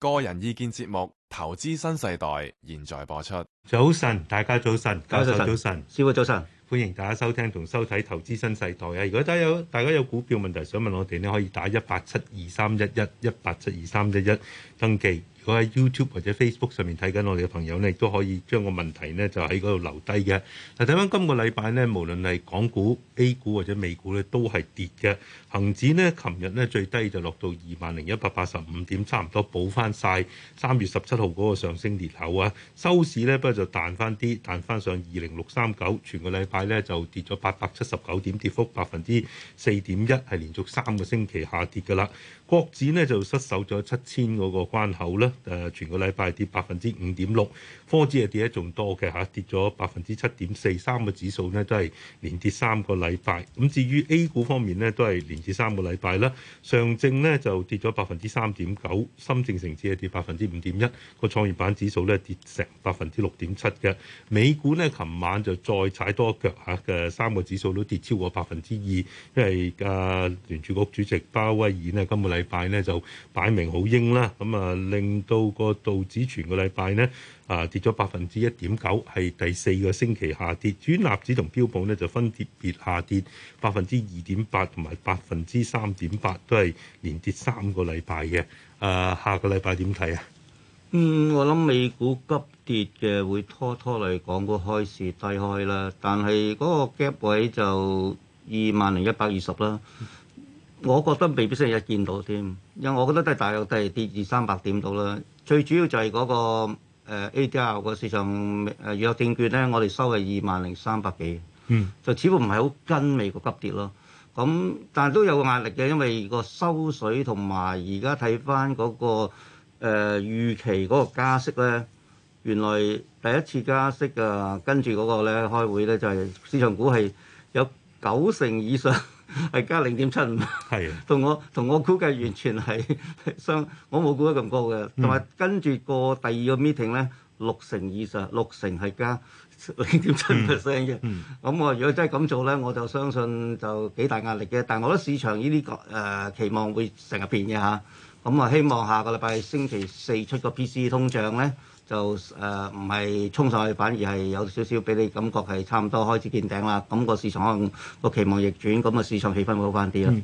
個人意見節目《投資新世代》現在播出。早晨，大家早晨，教授早晨上，師傅早晨上，歡迎大家收聽同收睇《投資新世代》啊！如果大家有大家有股票問題想問我哋呢，你可以打一八七二三一一一八七二三一一登記。我喺 YouTube 或者 Facebook 上面睇緊我哋嘅朋友呢，都可以將個問題呢就喺嗰度留低嘅。嗱，睇翻今個禮拜呢，無論係港股、A 股或者美股呢，都係跌嘅。恒指呢，琴日呢最低就落到二萬零一百八十五點，差唔多補翻晒三月十七號嗰個上升裂口啊。收市呢，不過就彈翻啲，彈翻上二零六三九。全個禮拜呢，就跌咗八百七十九點，跌幅百分之四點一，係連續三個星期下跌噶啦。國指咧就失守咗七千嗰個關口啦。誒，全個禮拜跌百分之五點六，科指係跌得仲多嘅嚇，跌咗百分之七點四，三個指數咧都係連跌三個禮拜。咁至於 A 股方面呢，都係連跌三個禮拜啦。上證呢就跌咗百分之三點九，深證成指係跌百分之五點一，個創業板指數咧跌成百分之六點七嘅。美股呢，琴晚就再踩多一腳嚇嘅，三個指數都跌超過百分之二，因為阿、啊、聯儲局主席鮑威爾呢，今個禮禮拜咧就擺明好鷹啦，咁啊令到個道指全個禮拜呢啊跌咗百分之一點九，係第四個星期下跌。轉納指同標普呢就分跌跌下跌百分之二點八同埋百分之三點八，都係連跌三個禮拜嘅。啊，下個禮拜點睇啊？嗯，我諗美股急跌嘅會拖拖嚟講個開市低開啦，但係嗰個 gap 位就二萬零一百二十啦。我覺得未必星期一見到添，因為我覺得都係大約都係跌二三百點到啦。最主要就係嗰個誒 ADR 個市場誒弱證券咧，我哋收係二萬零三百幾，就似乎唔係好跟美國急跌咯。咁但係都有個壓力嘅，因為個收水同埋而家睇翻嗰個誒預期嗰個加息咧，原來第一次加息啊，跟住嗰個咧開會咧就係市場股係有九成以上。係加零點七五，同 我同我估計完全係相， 我冇估得咁高嘅。同埋、嗯、跟住個第二個 meeting 咧，六成以上，六成係加零點七五 percent 嘅。咁我、嗯嗯、如果真係咁做咧，我就相信就幾大壓力嘅。但係我覺得市場呢啲誒期望會成日變嘅嚇。咁啊，希望下個禮拜星，星期四出個 PC 通脹咧。就誒唔係衝上去，反而係有少少俾你感覺係差唔多開始見頂啦。咁個市場可能個期望逆轉，咁個市場氣氛會好翻啲啦。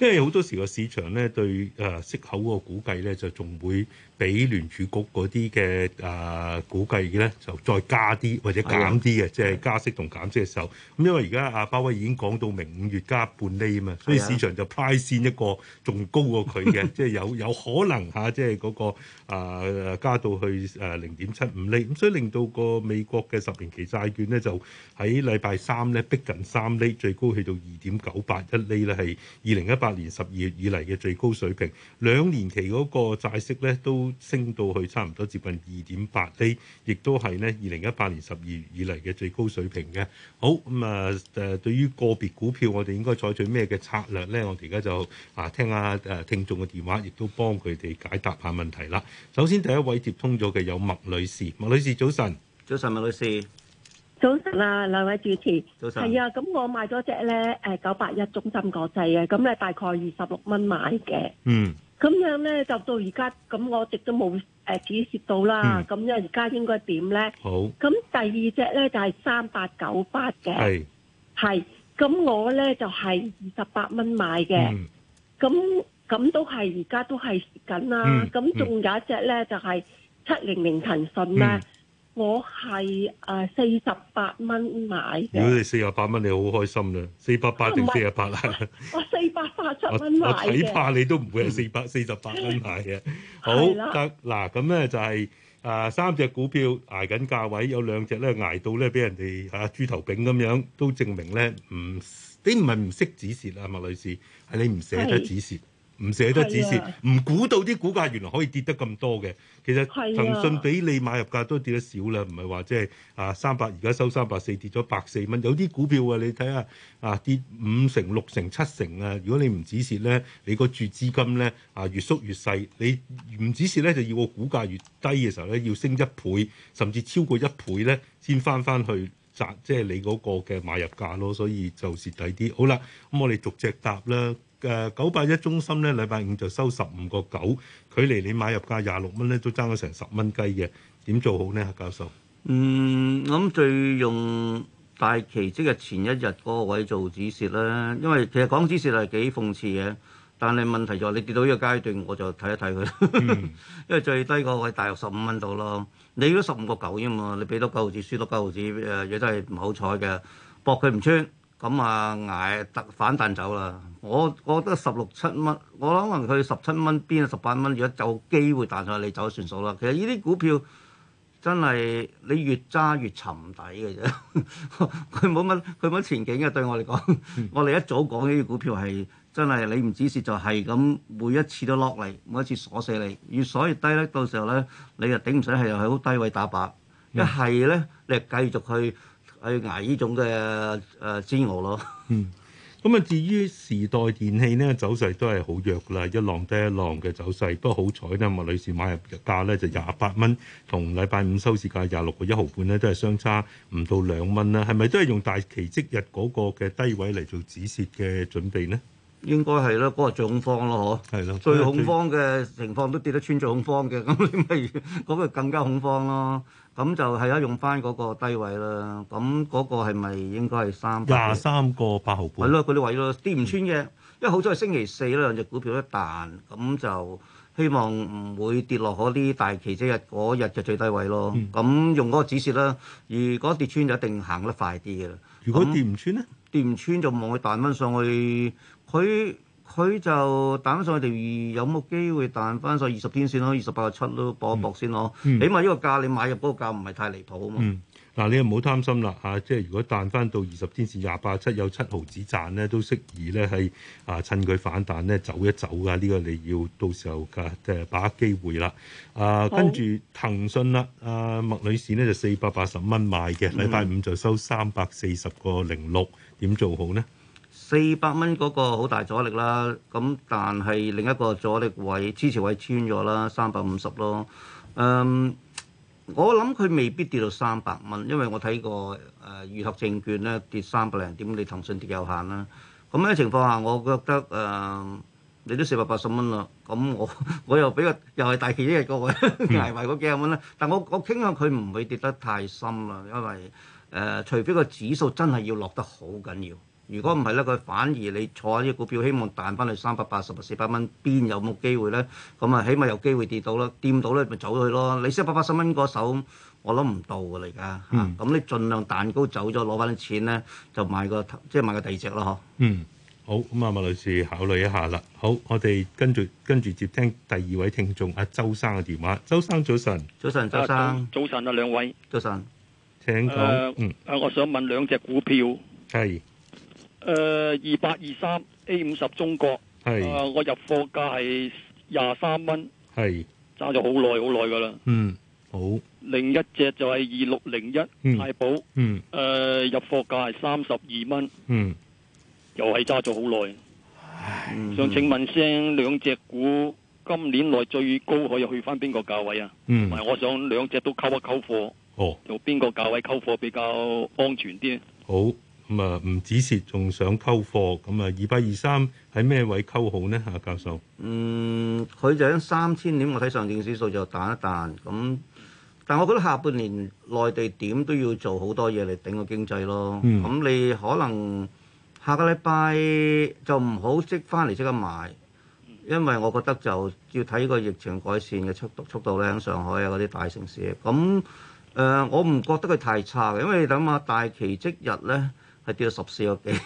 因為好多時個市場咧對誒、呃、息口個估計咧就仲會。俾聯儲局嗰啲嘅誒估計咧，就再加啲或者減啲嘅，即係的加息同減息嘅時候。咁的因為而家阿鮑威已經講到明五月加半厘啊嘛，的所以市場就 price 一個仲高過佢嘅，即係的有有可能嚇，即係嗰個、呃、加到去誒零點七五厘。咁所以令到個美國嘅十年期債券咧，就喺禮拜三咧逼近三厘，最高去到二點九八一厘啦，係二零一八年十二月以嚟嘅最高水平。兩年期嗰個債息咧都，升到去差唔多接近二點八 A，亦都係呢二零一八年十二月以嚟嘅最高水平嘅。好咁啊，誒、嗯呃，對於個別股票，我哋應該採取咩嘅策略呢？我哋而家就啊，聽下誒、啊、聽眾嘅電話，亦都幫佢哋解答下問題啦。首先第一位接通咗嘅有麥女士，麥女士早晨，早晨麥女士，早晨嗱、啊，兩位主持，早晨，係啊，咁我買咗隻呢誒九八一中芯國際嘅，咁咧大概二十六蚊買嘅，嗯。咁樣咧就到而家，咁我直都冇誒、呃、止蝕到啦。咁、嗯、樣而家應該點咧？好。咁第二隻咧就係三八九八嘅，係是。咁我咧就係二十八蚊買嘅，咁咁、嗯、都係而家都係蝕緊啦。咁仲、嗯、有一隻咧就係七零零騰訊咧。嗯我係誒四十八蚊買嘅。如果你四十八蚊，你好開心啦。四百八定四十八啊？我四百八七蚊買嘅。我睇怕你都唔會係四百四十八蚊買嘅。 好得嗱，咁咧的就係、是、誒、啊、三隻股票挨緊價位，有兩隻咧挨到咧俾人哋嚇豬頭炳咁樣，都證明咧唔，你唔係唔識止蝕啊，麥女士，係你唔捨得止蝕。唔捨得止蝕，唔估、啊、到啲股價原來可以跌得咁多嘅。其實、啊、騰訊比你買入價都跌得少啦，唔係話即係啊三百而家收三百四，跌咗百四蚊。有啲股票啊，你睇下啊跌五成、六成、七成啊。如果你唔止蝕咧，你個注資金咧啊越縮越細。你唔止蝕咧，就要個股價越低嘅時候咧，要升一倍甚至超過一倍咧，先返返去賺，即係、就是、你嗰個嘅買入價咯。所以就蝕底啲。好啦，咁我哋逐隻答啦。.誒、呃、九八一中心咧，禮拜五就收十五個九，距離你買入價廿六蚊咧，都爭咗成十蚊雞嘅。點做好呢？客教授？嗯，我諗最用大奇蹟嘅前一日嗰個位做止蝕啦，因為其實講止蝕係幾諷刺嘅，但係問題就係、是、你跌到呢個階段，我就睇一睇佢，嗯、 因為最低個位大約十五蚊到咯。你都十五個九啫嘛，你俾多九毫子，輸多九毫子誒，亦都係唔好彩嘅，搏佢唔穿。咁啊，捱得反彈走啦！我我覺得十六七蚊，我, 16，我諗可能佢十七蚊邊啊，十八蚊，如果有機會彈上去，你走算數啦。其實呢啲股票真係你越揸越沉底嘅啫，佢冇乜佢冇乜前景嘅。對我嚟講， 我哋一早講呢啲股票係真係你唔止蝕，就係咁每一次都落嚟，每一次鎖死你，越鎖越低咧。到時候咧，你就頂唔順，係又係好低位打靶。一係咧，你繼續去。去捱呢種嘅誒煎熬咯。嗯，咁啊，至於時代電器呢，走勢都係好弱啦，一浪低一浪嘅走勢。不過好彩咧，麥女士買入價呢就廿八蚊，同禮拜五收市價廿六個一毫半呢都係相差唔到兩蚊啦。係咪都係用大期即日嗰個嘅低位嚟做止蝕嘅準備呢？應該係啦，個狀況咯，嗬。係咯，最恐慌嘅的情況都跌得穿恐慌嘅，咁你咪嗰個更加恐慌咯。咁就係啦，用翻嗰個低位啦。咁嗰個係咪應該係三廿三個八毫半？係咯，佢啲位咯，跌唔穿嘅，因為好彩星期四呢兩隻股票一彈，咁就希望唔會跌落嗰啲大奇蹟日嗰日嘅最低位咯。咁、嗯、用嗰個指示啦，如果跌穿就一定行得快啲嘅。如果跌唔穿咧，跌唔穿就望佢彈翻上去，佢。佢就彈上去二有冇機會彈翻上二十天線咯，二十八個七咯，搏一搏先咯。起碼呢個價你買入嗰個價唔係太離譜啊嘛。嗱、嗯，你唔好貪心啦，啊，即係如果彈翻到二十天線廿八七有七毫子賺咧，都適宜咧係啊趁佢反彈咧走一走噶。呢、這個你要到時候嘅誒把握機會啦。啊，跟住好騰訊啦，啊麥女士呢就四百八十蚊買嘅，禮拜五就收三百四十個零六，點做好呢？四百蚊嗰個好大阻力啦，咁但係另一個阻力位支持位穿咗啦，三百五十咯。嗯、um，我諗佢未必跌到三百蚊，因為我睇過誒裕合證券咧跌三百零點，你騰訊跌有限啦。咁、嗯、嘅情況下，我覺得誒、呃、你都四百八十蚊啦，咁我我又比較又係大企，一日過位，捱埋嗰幾廿蚊啦。但我我傾向佢唔會跌得太深啦，因為誒、呃、除非個指數真係要落得好緊要。如果唔係咧，佢反而你坐喺啲股票，希望彈翻去三百八十四百蚊，邊有冇機會咧？咁啊，起碼有機會跌到啦，掂到咧咪走咗去咯。你四百八十蚊嗰手，我諗唔到嚟噶嚇。咁、啊嗯、你盡量蛋糕走咗，攞翻啲錢咧，就買個即係、就是、買個第二隻咯嗬。嗯，好咁啊，麥女士考慮一下啦。好，我哋跟住跟住接聽第二位聽眾阿周生嘅電話。周生早晨，早晨，早晨，周生、啊、早晨啊，兩位早晨，請講說。誒、嗯啊，我想問兩隻股票係。誒，二八二三 A 五十中國，係，我入貨價係廿三蚊，係，揸咗好耐好耐噶啦。嗯，好。另一隻就係二六零一太保，嗯，誒，入貨價係三十二蚊，嗯，又係揸咗好耐。想請問聲兩隻股今年內最高可以去翻邊個價位啊？嗯，我想兩隻都溝一溝貨。哦，做邊個價位溝貨比較安全啲？好。咁啊，唔止蝕，仲想溝貨。咁啊，二八二三喺咩位溝好呢？啊，教授，嗯，佢就喺三千點，我睇上證指數就彈一彈。咁，但我覺得下半年內地點都要做好多嘢嚟頂個經濟咯。咁、嗯、你可能下個禮拜就唔好即翻嚟即刻買，因為我覺得就要睇個疫情改善嘅速度。速度咧，喺上海啊嗰啲大城市。咁誒、呃，我唔覺得佢太差嘅，因為你諗下大期即日呢。係跌到十四個幾，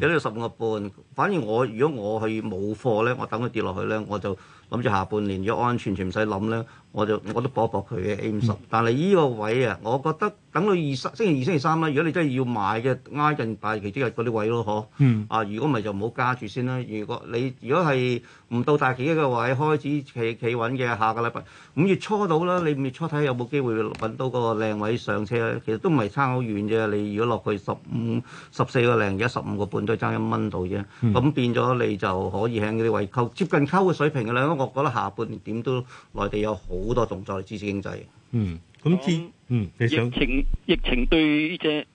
有啲十五個半。嗯、反而我如果我去冇貨咧，我等佢跌落去咧，我就諗住下半年如果安安全全唔使諗咧，我就我都搏一搏佢嘅 A 五十、嗯。但係依個位啊，我覺得。等到二十星期二、星期三啦，如果你真係要買嘅，挨近大期即日嗰啲位咯，嗬、嗯。啊，如果唔係就唔好加住先啦。如果你如果係唔到大期即嘅位開始企企穩嘅，下個禮拜五月初到啦，你五月初睇有冇機會揾到個靚位上車，其實都唔係差好遠啫。你如果落去十五、十四個零，而家十五個半都爭一蚊到啫。咁、嗯、變咗你就可以喺嗰啲位溝接近溝嘅水平嘅啦。因我覺得下半年點都內地有好多動作支持經濟。嗯。咁講嗯疫，疫情疫情對呢隻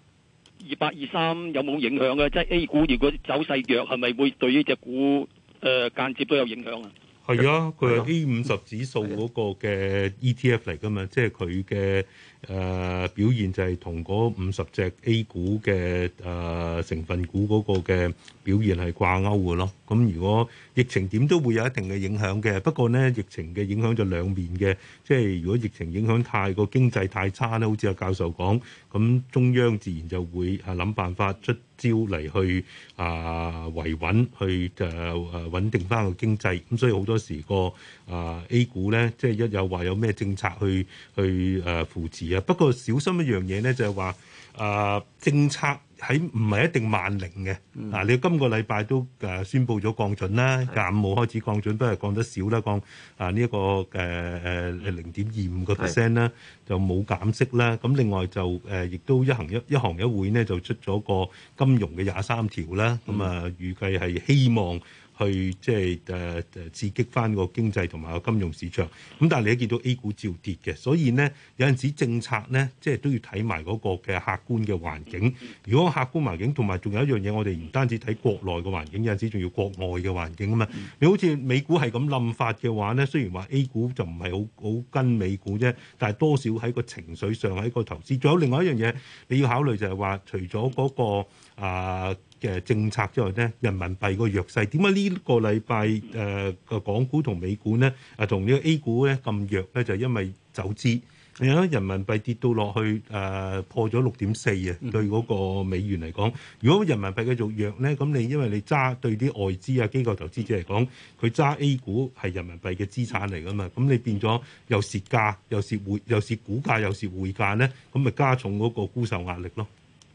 二八二三有冇影響啊？即係 A 股如果走勢弱，係咪會對呢隻股誒呃，間接都有影響啊？係啊，佢係 A 五十指數嗰個嘅 ETF 嚟㗎嘛，即係佢嘅誒表現就係同嗰五十隻 A 股嘅誒、呃、成分股嗰個嘅表現係掛鈎㗎咯。咁如果疫情點都會有一定嘅影響嘅，不過呢，疫情嘅影響就兩面嘅，即係如果疫情影響太過經濟太差呢，好似阿教授講，咁中央自然就會係諗辦法出招嚟去啊維穩去誒誒穩定翻個經濟，咁、嗯、所以好多時個啊 A 股咧，即係一有話有咩政策去去誒、啊、扶持啊，不過小心一樣嘢咧，就係、是、話啊政策。喺唔係一定萬零嘅，嗱你今個禮拜都誒宣布咗降準啦，下午開始降準，不過降得少啦，降啊呢一個誒誒零點二五個 percent 啦，就冇減息啦。咁另外就誒亦都一行一一行一會呢，就出咗個金融嘅廿三條啦。咁啊預計係希望。去即係誒誒刺激翻個經濟同埋個金融市場，咁但係你一見到 A 股照跌嘅，所以呢，有陣時政策呢，即係都要睇埋嗰個嘅客觀嘅環境。如果客觀環境同埋仲有一樣嘢，我哋唔單止睇國內嘅環境，有陣時仲要國外嘅環境啊嘛。你好似美股係咁冧法嘅話呢，雖然話 A 股就唔係好好跟美股啫，但係多少喺個情緒上喺個投資。仲有另外一樣嘢你要考慮就係話，除咗嗰個啊，嘅政策之外咧，人民幣個弱勢點解呢個禮拜誒個港股同美股咧啊同呢個 A 股咧咁弱咧？就係、因為走資係啊，人民幣跌到落去誒破咗六點四啊，對嗰個美元嚟講，如果人民幣、呃、繼續弱咧，咁你因為你揸對啲外資啊、機構投資者嚟講，佢揸 A 股係人民幣嘅資產嚟噶嘛，咁你變咗又蝕價，又蝕匯，又蝕股價，又蝕匯價咧，咁咪加重嗰個沽售壓力咯。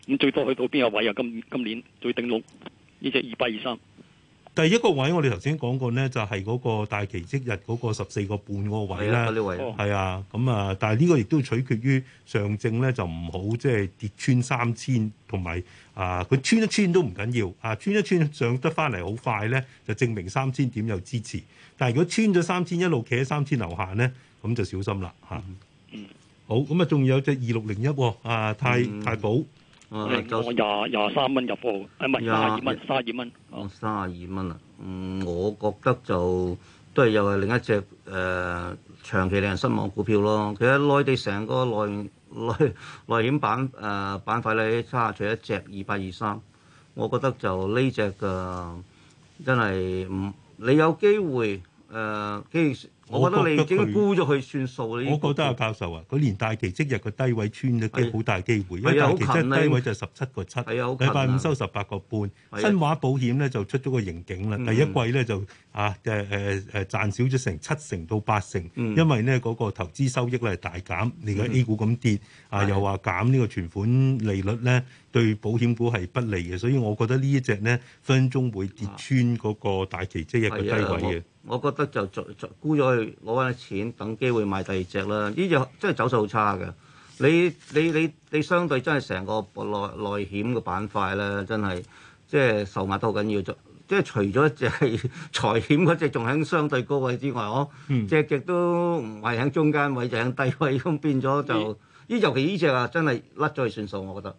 咁最多去到邊個位啊？今今年最頂籠呢隻二八二三。一第一個位我哋頭先講過呢，就係、是、嗰個大奇蹟日嗰個十四個半嗰個位啦。係啊，咁、哦、啊，但係呢個亦都取決於上證咧，就唔好即係跌穿三千，同埋啊，佢穿一穿都唔緊要，緊要啊，穿一穿上得翻嚟好快咧，就證明三千點有支持。但係如果穿咗三千一路企喺三千樓下咧，咁就小心啦吓。啊、嗯。好，咁啊，仲有隻二六零一啊，太太保。我廿廿三蚊入貨，廿二蚊，卅二蚊。我二蚊啦。嗯，我覺得就都係又係另一隻誒、uh，長期令人失望股票咯。其實內地成個內內內險板誒板塊咧，呃、塊差唔除一隻二百二三，3，我覺得就呢隻嘅真係唔你有機會誒、呃，基。我覺得你已經沽咗佢算數啦！我覺得阿教授啊，佢連、啊、大期即日個低位穿都係好大機會，是因為大期即日低位就十七個七，禮拜五收十八個半。新華的保險咧就出咗個盈警啦，的第一季咧就啊誒誒誒賺少咗成七成到八成，的因為呢嗰、那個投資收益咧係大減，而家 A 股咁跌啊，的的又話減呢個存款利率咧對保險股係不利嘅，所以我覺得呢一隻呢，分分鐘會跌穿嗰個大期即日嘅低位嘅。我覺得就就沽咗佢。攞翻啲錢等機會買第二隻啦！呢隻真係走勢好差嘅，你你你你相對真係成個內內險嘅板塊啦，真係即係售賣都好緊要，即係除咗一隻係財險嗰隻仲喺相對高位之外，哦、嗯，隻隻都唔係喺中間位，就喺低位咁變咗就呢，而尤其呢隻啊，真係甩咗去算數，我覺得。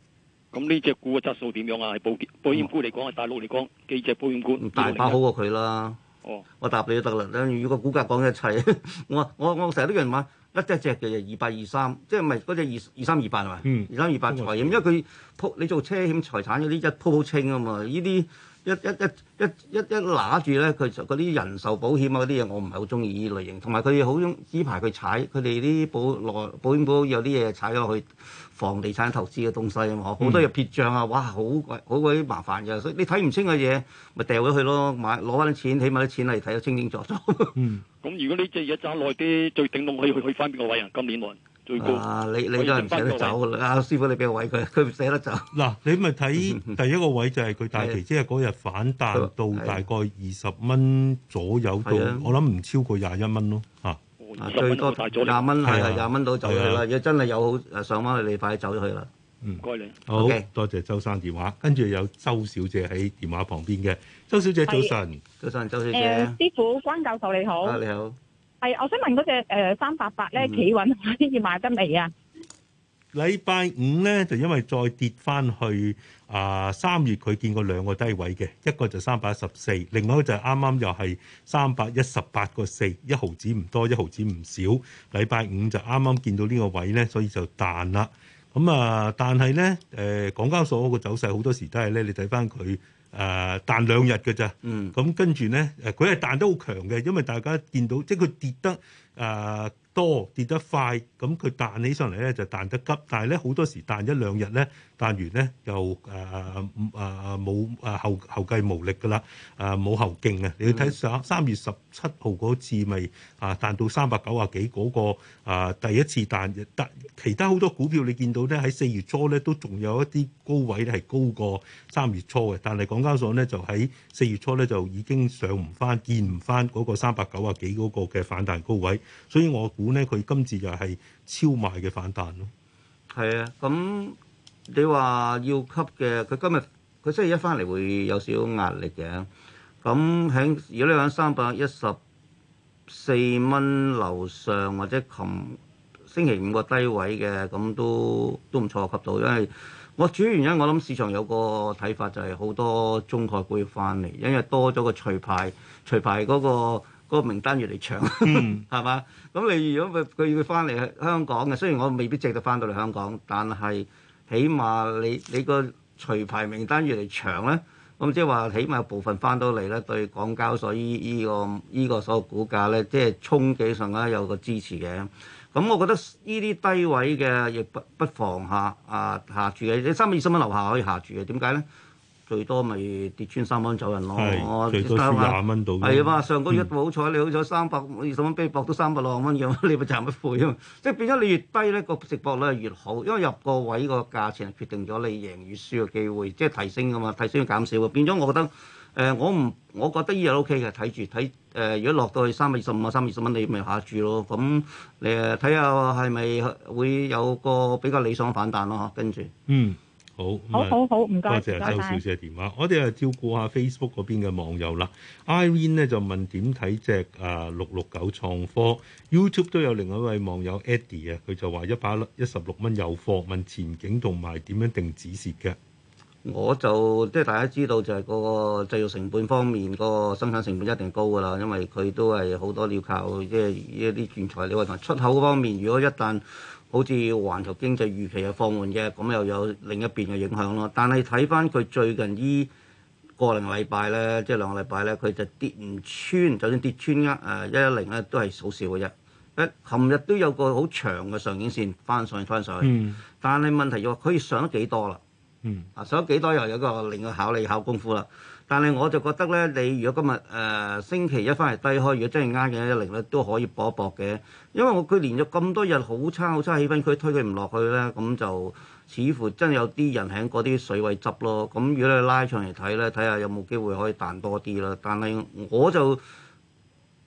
咁呢隻股嘅質素點樣啊？保險保險股嚟講，喺、嗯、大陸嚟講，幾隻保險股大把好過佢啦。哦，oh. 我答你都得啦。例如個股價講一切，我我我成日都一樣話一隻一隻嘅二八二三，即係唔係嗰隻二二三二八係咪？二三、嗯、二三二八財險，因為佢鋪你做車險、財產嗰啲一鋪好清啊嘛。呢啲一一一一一一揦住咧，佢嗰啲人壽保險啊啲嘢，我唔係好中意呢類型。同埋佢好中呢排佢踩，佢哋啲保內保險股有啲嘢踩落去。房地產投資嘅東西啊嘛，好多嘢撇賬啊，哇，好鬼好鬼麻煩㗎，所以你睇唔清嘅嘢咪掉咗佢咯，買攞翻啲錢，起碼啲錢係睇得清清楚楚、嗯。咁如果你即係而家揸耐啲，最頂到可以去翻邊個位啊？今年內最高，啊、你你，你真唔捨得走阿師傅，你俾個位佢，佢唔捨得走。嗱、啊啊，你咪睇第一個位就係佢大期即係嗰日反彈到大概二十蚊左右度，的我諗唔超過廿一蚊咯，嚇、啊。啊，最多廿蚊，係係廿蚊到就去啦。如果，啊、真係有好上翻，你快啲走咗去啦。唔該你，好，Okay 多謝周生電話。跟住有周小姐喺電話旁邊嘅，周小姐早晨，早晨，周小姐。誒、呃，師傅關教授你好，你好。係、啊，我想問嗰隻誒三八八咧企穩，穩可以買得未啊？嗯禮拜五咧，就因為再跌翻去啊三、呃、月佢見過兩個低位嘅，一個就三百一十四，另外一個就係啱啱又係三百一十八個四，一毫子唔多，一毫子唔少。禮拜五就啱啱見到呢個位咧，所以就彈啦。咁、嗯、啊，但係咧誒，港交所個走勢好多時都係咧，你睇翻佢誒彈兩日㗎咋？嗯，咁跟住咧誒，佢係彈得好強嘅，因為大家見到即係佢跌得。誒、uh, 多跌得快，咁佢彈起上嚟咧就彈得急，但係咧好多時彈一兩日咧，彈完咧就誒誒冇誒後後繼無力㗎啦，誒、啊、冇後勁、嘅、啊！你要睇上三月十七號嗰次咪啊彈到三百九啊幾嗰個啊第一次彈，但其他好多股票你見到咧喺四月初咧都仲有一啲高位係高過三月初嘅，但係港交所咧就喺四月初咧就已經上唔翻，見唔翻嗰個三百九啊幾嗰個嘅反彈高位。所以我估呢，佢今次又係超賣嘅反彈咯。係啊，咁你話要吸嘅，佢今日佢星期一翻嚟會有少少壓力嘅。咁喺如果你喺三百一十四蚊樓上或者琴星期五個低位嘅，咁都都唔錯吸到，因為我主要原因我諗市場有個睇法就係好多中概股要翻嚟，因為多咗個除牌，除牌嗰個。嗰個名單越嚟長，係嘛、嗯？咁你 如果佢佢要翻嚟香港嘅，雖然我未必值得翻到嚟香港，但係起碼你你個除牌名單越嚟長咧，咁即係話起碼部分翻到嚟咧，對港交所依依、依個依、依個所有股價咧，即係沖擊上咧有個支持嘅。咁我覺得呢啲低位嘅亦不不妨下啊下，下注嘅，你三百二十蚊樓下可以下住嘅，點解咧？最多咪跌穿三蚊走人咯，是最多穿廿蚊到。係啊嘛，上個月好彩，你好彩三百二十蚊俾博到三百六十蚊嘅，嗯、 你咪賺乜肥啊！即係變咗你越低咧，個直播咧越好，因為入個位個價錢係決定咗你贏與輸嘅機會，即係提升噶嘛，提升要減少喎。變咗我覺得，誒、呃、我唔，我覺得依個 O K 嘅，睇住睇誒，如果落到去三百二十五啊，三百二十蚊你咪下注咯。咁誒睇下係咪會有個比較理想反彈咯，啊，跟住嗯。好，好，嗯、好好好唔該，多謝周謝謝小姐電話。謝謝我哋啊照顧下 Facebook 嗰邊嘅網友啦。Irene 咧就問點睇隻啊六六九創科。YouTube 都有另外一位網友 Eddie 啊，佢就話一百一十六蚊有貨，問前景同埋點樣定止蝕嘅。我就即係、就是、大家知道就係個製造成本方面，個生產成本一定高噶啦，因為佢都係好多要靠即係、就是、一啲原材料同埋出口方面。如果一旦好似環球經濟預期有放緩嘅，咁又有另一邊嘅影響咯。但係睇翻佢最近呢個零禮拜咧，即係兩個禮拜咧，佢就跌唔穿，就算跌穿呃一一零咧，都係少少嘅啫。一琴日都有個好長嘅上影線翻上去，翻上去。嗯、但係問題又可以上咗幾多啦？嗯，啊，上咗幾多又有一個另一個考慮，考功夫啦。但係我就覺得咧，你如果你今日誒、呃、星期一翻嚟低開，如果真係啱嘅一零咧，都可以搏一搏嘅。因為我佢連續咁多日好差好差氣氛，佢推佢唔落去咧，咁就似乎真係有啲人喺嗰啲水位執咯。咁、嗯、如果你拉長嚟睇咧，睇下有冇機會可以彈多啲啦。但係我就。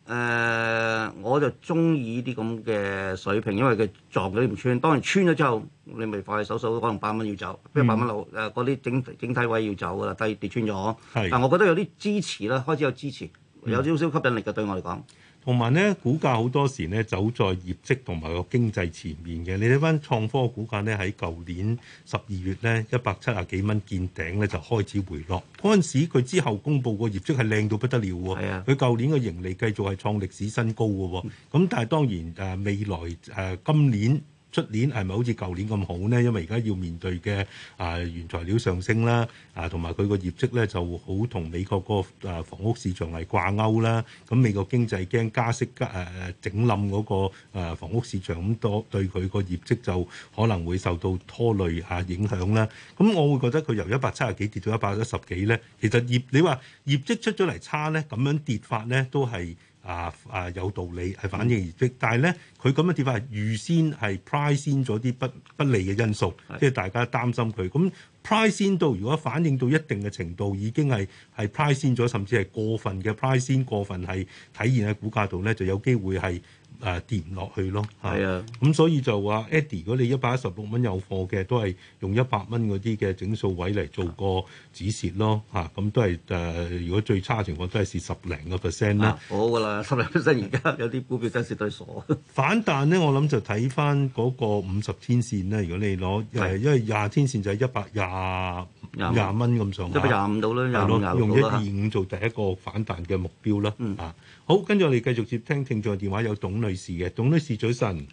誒，uh, 我就中意呢啲咁嘅水平，因為佢撞咗唔穿，當然穿咗之後，你咪快快手手可能八蚊要走，不如八蚊落誒嗰啲整整體位要走㗎喇，低跌，跌穿咗。是但我覺得有啲支持啦，開始有支持，有少少吸引力嘅對我嚟講。嗯同埋咧，股價好多時咧走在業績同埋個經濟前面嘅。你睇返創科股價咧，喺舊年十二月咧一百七十幾蚊見頂咧，就開始回落。嗰陣時佢之後公布個業績係靚到不得了喎，佢舊年嘅盈利繼續係創歷史新高嘅喎。咁但係當然誒、啊、未來誒、啊、今年。出年係咪好似舊年咁好呢？因為而家要面對嘅啊原材料上升啦，啊同埋佢個業績咧就好同美國個啊房屋市場係掛鈎啦。咁美國經濟驚加息、加誒誒整冧嗰個啊房屋市場，咁多對佢個業績就可能會受到拖累啊影響啦。咁我會覺得佢由一百七十幾跌到一百一十幾呢，其實業你話業績出咗嚟差呢，咁樣跌法呢都係。啊啊有道理係反應而逼，但係咧佢咁樣跌法係預先係 price in 咗啲不不利嘅因素，即係大家擔心佢。咁 price in 到，如果反應到一定嘅程度，已經係係 price in 咗，甚至係過分嘅 price in，過分係體現喺股價度咧，就有機會係。誒、啊、跌落去咯，係啊，咁、啊、所以就話 Eddie，如果你一百一十六蚊有貨嘅，都係用一百蚊嗰啲嘅整數位嚟做個止蝕咯，嚇、啊，咁都係誒，如果最差情況都係蝕十零個 percent 啦，啊、好噶啦，十零 percent 而家有啲股票真係蝕到傻。 反彈咧，我諗就睇翻嗰個五十天線咧，如果你攞係，啊、因為廿天線就係一百廿廿蚊咁上，一百廿五到啦，用一二五做第一個反彈嘅目標啦，25，啊。嗯。好，跟住我哋繼續接聽聽眾電話，有董女士嘅，董女士早晨。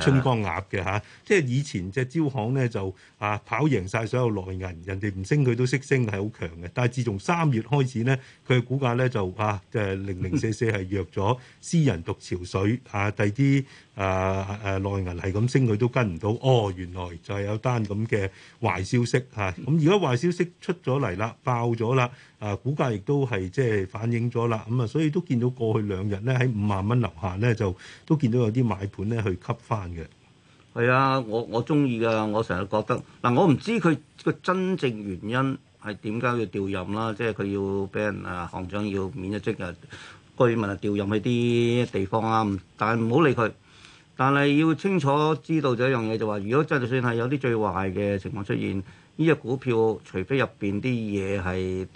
春江鴨嘅嚇，即係以前隻招行咧就啊跑贏晒所有內銀，人哋唔升佢都識升係好強嘅。但係自從三月開始咧，佢嘅股價咧就啊就係、是、零零四四係弱咗，私人讀潮水啊，第二啲啊誒內、呃、銀係咁升佢都跟唔到。哦，原來就係有單咁嘅壞消息嚇。咁而家壞消息出咗嚟啦，爆咗啦。啊，股價亦都係即係反映咗啦，咁、嗯、啊，所以都見到過去兩日咧喺五萬蚊樓下咧，就都見到有啲買盤咧去吸翻嘅。係啊，我我中意噶，我成日覺得嗱、啊，我唔知佢個真正原因係點解要調任啦，即係佢要俾人啊行長要免一職啊，居民啊調任去啲地方啊，但係唔好理佢。但係要清楚知道就一樣嘢，就話如果真係算係有啲最壞嘅情況出現，呢、這、隻、個、股票除非入邊啲嘢係。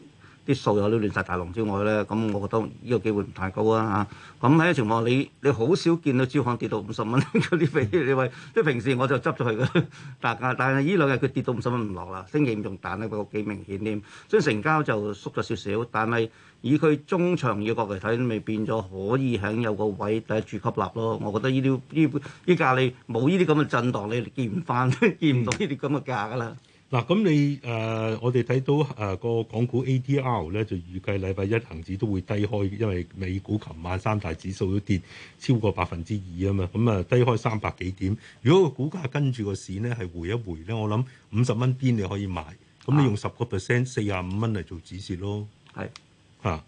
啲數有啲亂晒大籠之外咧，咁我覺得呢個機會唔太高啊！咁喺個情況，你你好少見到招行跌到五十蚊嗰啲飛，你話即係平時我就執咗佢嘅，但係但係呢兩日佢跌到五十蚊唔落啦，星期五仲彈得個幾明顯添，所以成交就縮咗少少，但係以佢中長嘅角度嚟睇，都未變咗可以喺有個位第一注吸納咯。我覺得呢啲呢呢價你冇呢啲咁嘅震盪，你見唔翻都見唔到呢啲咁嘅價噶啦。 嗱，咁你誒、呃，我哋睇到誒、呃那個港股 ADR 咧，就預計禮拜一恆指都會低開，因為美股琴晚三大指數都跌超過百分之二啊嘛，咁、嗯、啊、嗯、低開三百幾點。如果個股價跟住個市咧，係回一回咧，我諗五十蚊邊你可以買，咁你用十個 percent 四十五蚊嚟做止蝕咯。係的啊，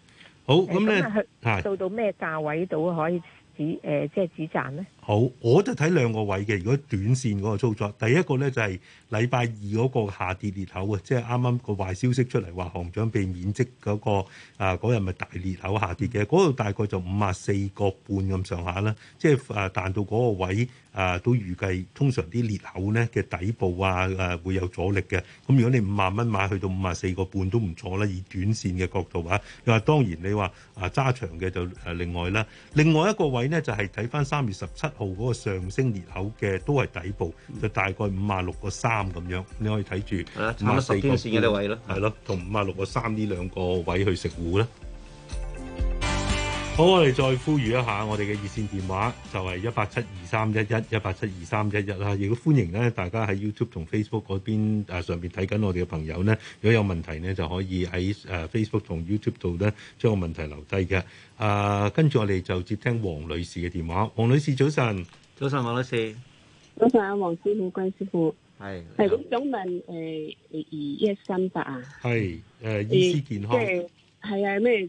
好，咁咧，到到咩價位到可以止，誒、呃，即係止賺咧？好，我就睇兩個位嘅。如果短線嗰個操作，第一個咧就係禮拜二嗰個下跌裂口啊，即係啱啱個壞消息出嚟話行長被免職嗰、嗰個啊，嗰日咪大裂口下跌嘅，嗰度大概就五萬四個半咁上下啦。即係誒彈到嗰個位啊，都預計通常啲裂口咧嘅底部啊誒、啊、會有阻力嘅。咁如果你五萬蚊買去到五萬四個半都唔錯啦，以短線嘅角度話、啊，又話當然你話啊揸長嘅就誒另外啦。另外一個位咧就係睇翻三月十七。號嗰個上升裂口嘅都係底部，嗯、就大概五萬六個三咁樣，你可以睇住差咗十天線嘅位咯，係咯，同五萬六個三呢兩個位去食糊啦。好，我哋再呼籲一下，我哋嘅熱線電話就係一八七二三一一一八七二三一一啦。亦都歡迎咧，大家喺 YouTube 同 Facebook 嗰邊誒上邊睇緊我哋嘅朋友咧，如果有問題咧，就可以喺誒 Facebook 同 YouTube 度咧將個問題留低嘅。啊，跟住我哋就接聽黃女士嘅電話。黃女、女士，早晨，早晨，黃女士，早晨啊，黃師傅，關師傅，係係，咁想問誒二一三八啊，係誒、呃，醫思健康，即係係啊咩？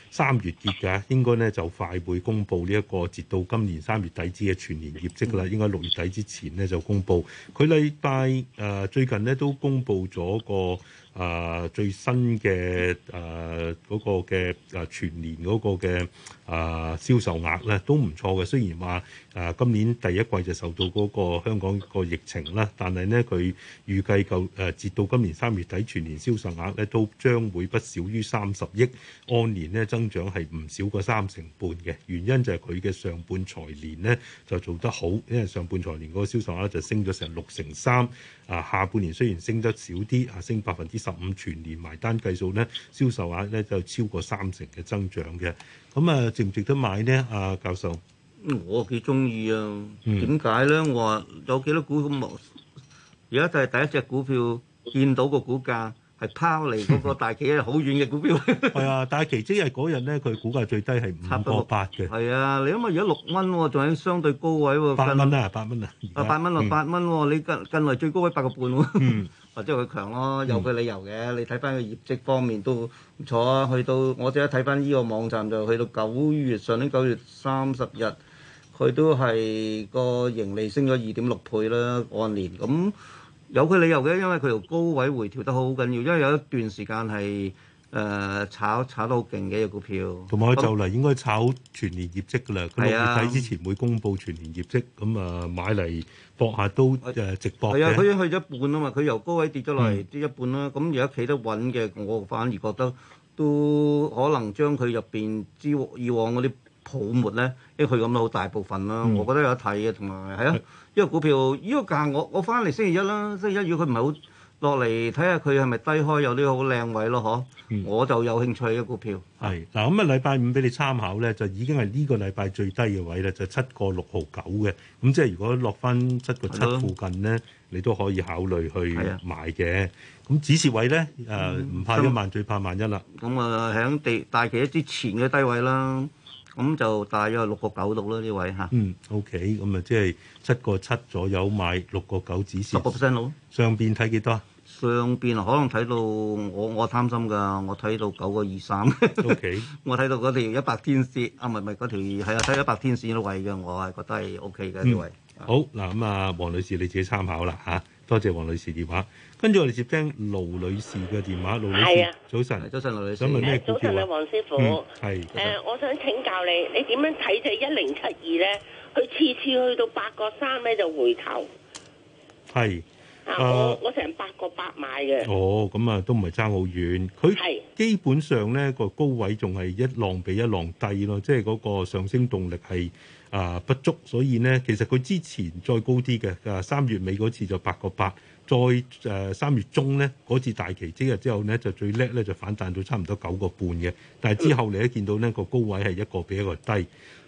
三月結㗎，應該咧就快會公布呢一個截到今年三月底止嘅全年業績啦。應該六月底之前咧就公布。佢哋禮拜誒最近咧都公布咗個誒、呃、最新嘅誒嗰個嘅誒全年嗰個嘅誒、呃、銷售額咧都唔錯嘅。雖然話誒、呃、今年第一季就受到嗰個香港個疫情啦，但係呢，佢預計夠誒、呃、截到今年三月底全年銷售額咧都將會不少於三十億，按年咧增。增長係唔少過三成半嘅，原因就係佢嘅上半財年咧就做得好，因為上半財年嗰個銷售額就升咗成六成三。啊，下半年雖然升得少啲，啊，升百分之十五，全年埋單計數咧，銷售額咧就超過三成嘅增長嘅。咁啊，值唔值得買呢？啊，教授，我幾中意啊。點解咧？我話有幾多股咁？而家就係第一隻股票見到個股價，係拋離嗰個大旗好遠嘅股票。係 啊，大旗即係嗰日咧，佢估計最低係五個八嘅。係 啊，你諗下、哦，而家六蚊喎，仲喺相對高位喎。八蚊啊，八蚊啦。啊，八蚊啊，八蚊喎，你近近來最高位八個半喎。或者佢強咯，有佢理由嘅。嗯、你睇翻佢業績方面都唔錯啊。去到我即係睇翻呢個網站，就去到九月上年九月三十日，佢都係個盈利升咗二點六倍啦，按年咁。有佢理由嘅，因為佢由高位回調得好緊要，因為有一段時間係誒、呃、炒炒得好勁嘅一個股票，同埋佢就嚟應該炒全年業績㗎喇。佢六、嗯、月底之前會公布全年業績，咁啊買嚟博下都誒直搏。嘅、呃。係啊，佢已經去咗一半啊嘛，佢由高位跌咗落嚟跌一半啦。咁而家企得穩嘅，我反而覺得都可能將佢入邊之以往嗰啲。泡沫咧，因為佢咁好大部分咯，我覺得有得睇嘅，同埋係咯，呢個股票呢個價，我我翻嚟星期一啦，星期一如果佢唔係好落嚟，睇下佢係咪低開有啲好靚位咯，嗬，我就有興趣嘅股票。係嗱，咁啊，禮拜五俾你參考咧，就已經係呢個禮拜最低嘅位啦，就七個六毫九嘅。咁即係如果落翻七個七附近咧，你都可以考慮去買嘅。咁止蝕位咧，誒唔怕一萬，最怕萬一啦。咁啊，喺地大期一之前嘅低位啦。咁就大約六個九度啦，呢位嚇。嗯，OK，咁啊，即係七個七左右買六個九指線。六個 percent 度。上邊睇幾多？上邊可能睇到我我貪心㗎，我睇到九個二三。OK、啊。我睇到嗰條一百天線啊，唔係唔係嗰條係啊，睇一百天線都位嘅，我係覺得係 OK 嘅呢、嗯、位。好嗱，咁啊，黃女士你自己參考啦嚇，多謝黃女士電話。跟住我哋接聽盧女士嘅電話，盧女士，啊、早晨，早晨，盧女士，早晨啊黃師傅，係、嗯，誒，呃、上我想請教你，你點樣睇？即係一零七二咧，佢次次去到八個三咧就回頭，係是，啊，我我成八個八買嘅，哦，咁啊都唔係差好遠，佢係基本上咧個高位仲係一浪比一浪低咯，即係嗰個上升動力係啊不足，所以咧其實佢之前再高啲嘅，啊三月尾嗰次就八個八。再誒三、呃、月中咧，嗰次大旗即日之後咧，就最叻咧就反彈到差唔多九個半嘅。但係之後你一見到呢、呢個高位係一個比一個低。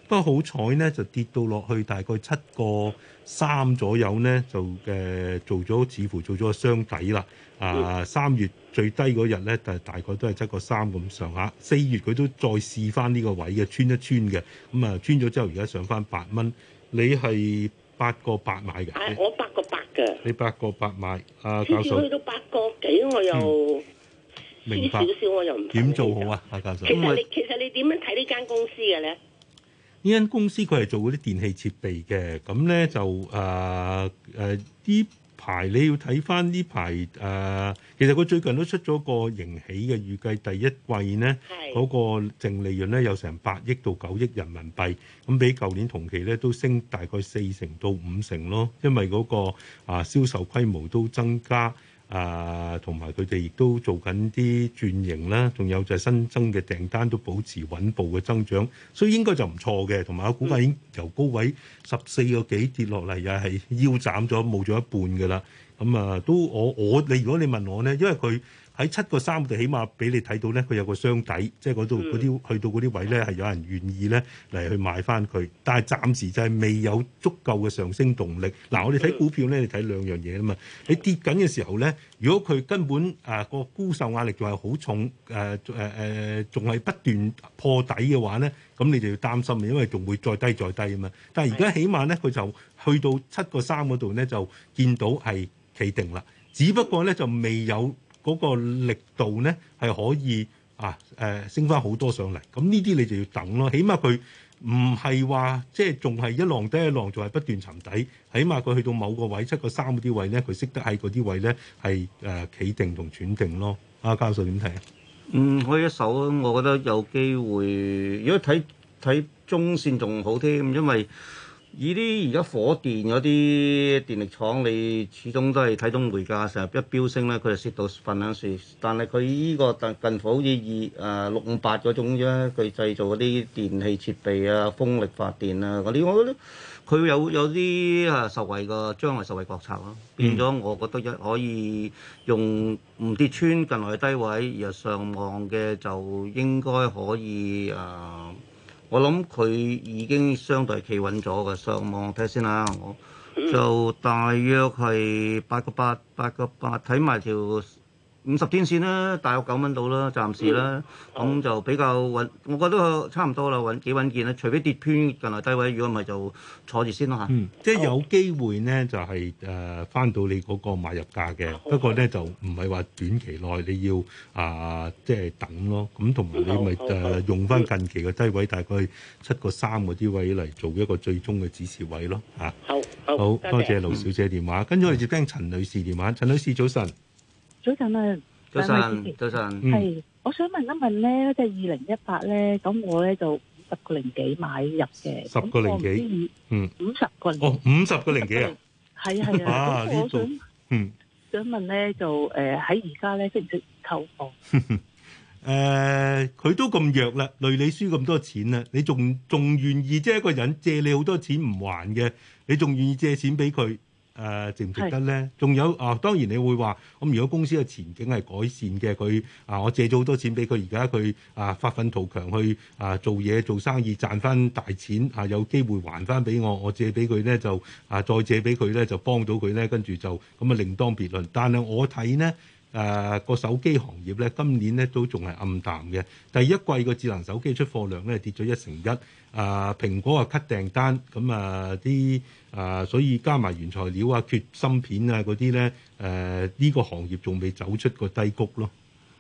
不過好彩咧，就跌到落去大概七個三左右咧，就誒、呃、做咗似乎做咗個箱底啦。啊、呃，三月最低嗰日咧，就大概都係七個三咁上下。四月佢都再試翻呢個位嘅，穿一穿嘅。咁、嗯、啊，穿咗之後，而家上翻八蚊。你係？八個八買嘅，係、啊、我八個八嘅。你八個八買，啊教授，次次去到八個幾，我又輸、嗯、少少，我又唔點做好啊，阿、啊、教授。其實你為其實你點樣睇呢間公司嘅咧？呢間公司佢係做嗰啲電器設備嘅，咁咧就啊誒啲。呃呃排你要睇翻呢排誒，其實佢最近都出咗個盈喜嘅預計，第一季呢，嗰是的 個淨利潤呢，有成八億到九億人民幣，咁比舊年同期呢，都升大概四成到五成咯，因為嗰、那個啊、呃、銷售規模都增加。啊，同埋佢哋亦都做緊啲轉型啦，仲有就係新增嘅訂單都保持穩步嘅增長，所以應該就唔錯嘅。同埋我估計已經由高位十四個幾跌落嚟，又係腰斬咗，冇咗一半噶啦。咁啊，都我我你如果你問我咧，因為佢。喺七個三度，起碼俾你睇到咧，佢有個箱底，即係嗰度嗰啲去到嗰啲位咧，係有人願意咧嚟去買翻佢。但係暫時就係未有足夠嘅上升動力。嗱、啊，我哋睇股票咧，你睇兩樣嘢啊嘛。你跌緊嘅時候咧，如果佢根本誒個、呃、沽售壓力仲係好重誒誒誒，仲、呃、係、呃、不斷破底嘅話咧，咁你就要擔心，因為仲會再低再低啊嘛。但係而家起碼咧，佢就去到七個三嗰度咧，就見到係企定啦。只不過咧，就未有。嗰個力度咧係可以啊誒升翻好多上嚟，咁呢啲你就要等咯。起碼佢唔係話即係仲係一浪低一浪，仲係不斷沉底。起碼佢去到某個位，七個三嗰啲位咧，佢識得喺嗰啲位咧係誒企定同轉定咯。啊，教授點睇？嗯，可以一手啊，我覺得有機會。如果睇睇中線仲好啲，因為。以啲而家火電嗰啲電力廠，你始終都係睇到煤價成日一飆升咧，佢就蝕到瞓兩樹。但係佢依個近近好似二誒、呃、六五八嗰種啫，佢製造嗰啲電器設備啊、風力發電啊嗰啲，我覺得佢有有啲誒受惠個將來受惠國策咯。變咗，我覺得一可以用唔跌穿近來嘅低位，而後上望嘅就應該可以誒。呃我諗佢已經相對企穩咗嘅，上網睇下先啦。我就大約係八個八，八個八，睇埋條。五十天線啦，大概九蚊到啦，暫時啦，咁就比較穩。我覺得差唔多啦，穩幾穩健啦。除非跌偏近嚟低位，如果唔係就坐住先咯嚇。嗯，即係、嗯、有機會呢，就係誒翻到你嗰個買入價嘅。不過咧，就唔係話短期內你要啊、呃，即係等咯。咁同埋你咪誒用翻近期嘅低位，大概七個三嗰啲位嚟做一個最終嘅指示位咯。嚇，好好，好多謝盧小姐電話。嗯、跟住我哋接聽陳女士電話。陳女士早晨。早晨啊，早晨，早晨，係，我想問一問咧，即係二零一八咧，咁我咧就五十個零幾買入嘅，十個零幾，嗯，五十個零，哦，五十個零幾啊，係啊係啊，咁我想，嗯，想問咧就，誒，喺而家咧，識唔識溝貨？誒，佢都咁弱啦，累你輸咁多錢啦，你仲仲願意即係一個人借你好多錢唔還嘅，你仲願意借錢俾佢？誒、啊、值唔值得咧？仲有啊，當然你會話，咁、嗯、如果公司嘅前景係改善嘅，佢啊，我借咗好多錢俾佢，而家佢啊發奮圖強去啊做嘢、做生意賺翻大錢啊，有機會還翻俾我，我借俾佢咧就啊再借俾佢咧就幫到佢咧，跟住就咁啊另當別論。但係我睇呢。誒個、啊、手機行業咧，今年咧都仲係暗淡嘅。第一季個智能手機出貨量咧跌咗一成一、啊。誒蘋果 cut down，啊 cut 訂單，咁啊啲誒所以加埋原材料啊、缺芯片啊嗰啲咧誒呢、啊呢個行業仲未走出個低谷咯。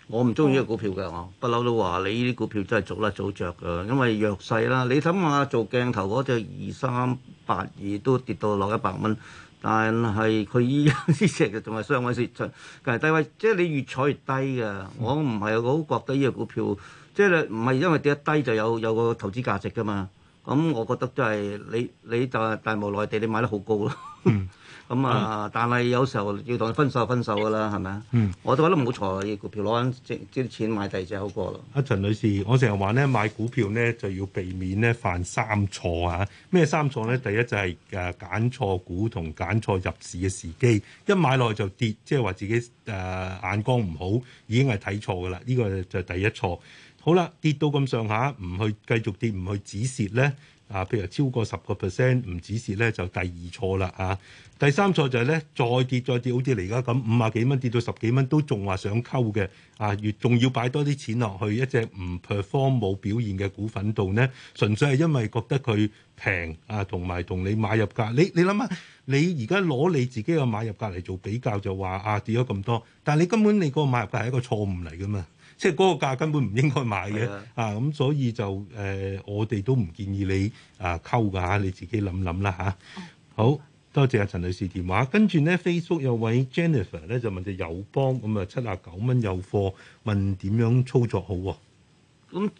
我唔中意呢個股票㗎，我不嬲都話你呢啲股票真係早甩早着㗎，因為弱勢啦。你諗下做鏡頭嗰隻二三八二都跌到落一百蚊。但係佢依家呢隻就仲係雙位數，就係低位，即係你越採越低㗎。我唔係好覺得呢隻股票，即係你唔係因為跌得低就有有個投資價值㗎嘛？咁我覺得都係你你就大無奈地你買得好高啦。嗯。咁啊！嗯、但係有時候要同佢分手分手噶啦，係咪啊？嗯，我都覺得冇錯，股票攞緊即啲錢買第二隻好過咯。阿、啊、陳女士，我成日話咧，買股票咧就要避免咧犯三錯啊！咩三錯咧？第一就係誒揀錯股同揀錯入市嘅時機，一買落去就跌，即係話自己誒、啊、眼光唔好，已經係睇錯噶啦！呢、呢個就第一錯。好啦，跌到咁上下，唔去繼續跌，唔去止蝕咧。啊，譬如超過十個 percent，唔止是咧就第二錯啦啊！第三錯就係咧再跌再跌，好似你而家咁，五啊幾蚊跌到十幾蚊，都仲話想溝嘅啊！越仲要擺多啲錢落去一隻唔 perform 冇表現嘅股份度呢？純粹係因為覺得佢平啊，同埋同你買入價。你你諗下，你而家攞你自己嘅買入價嚟做比較，就話啊跌咗咁多，但係你根本你個買入價係一個錯誤嚟噶嘛？即係嗰個價根本唔應該買嘅，的啊咁所以就誒、呃，我哋都唔建議你啊溝㗎嚇，你自己諗諗啦嚇。好，多謝阿陳女士電話。跟住咧，Facebook 有位 Jennifer 咧就問隻友邦咁啊七十九蚊有貨，問點樣操作好，啊？咁、嗯、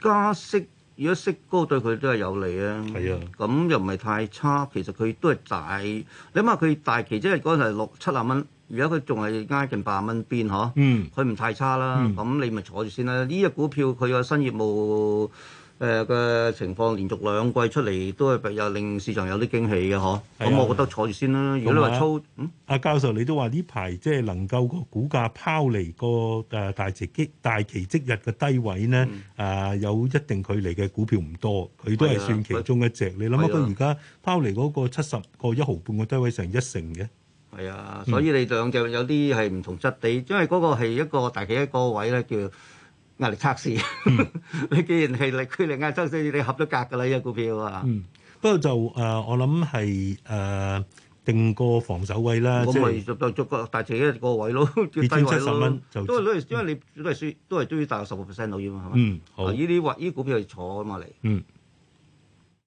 加息如果息高對佢都係有利啊。係啊的。咁、嗯、又唔係太差，其實佢都係大。你諗下佢大期即係嗰陣係六七十蚊。就是而家佢仲係挨近八十蚊邊嗬，佢唔太差啦。咁你咪坐住先啦。呢隻股票佢有新業務誒嘅情況，連續兩季出嚟都係又令市場有啲驚喜嘅嗬。咁我覺得坐住先啦。如果你話操，阿教授你都話呢排即係能夠個股價拋離個誒大值激大期即日嘅低位呢，啊有一定距離嘅股票唔多，佢都係算其中一隻。你諗下佢而家拋離嗰個七十個一毫半個低位成一成嘅。係啊，所以你兩隻有啲係唔同質地，因為嗰個係一個大企一個位咧，叫壓力測試。你既然係力佢力壓測試，你合咗格㗎啦，依隻股票啊。嗯。不過就誒，我諗係誒定個防守位啦，即係逐逐逐大企一個位咯，跌低七十蚊，都係都係因為你都係輸，都係都要大約十個 percent 好遠嘛，係嘛？嗯。好。依啲話依股票係坐咁嚟。嗯。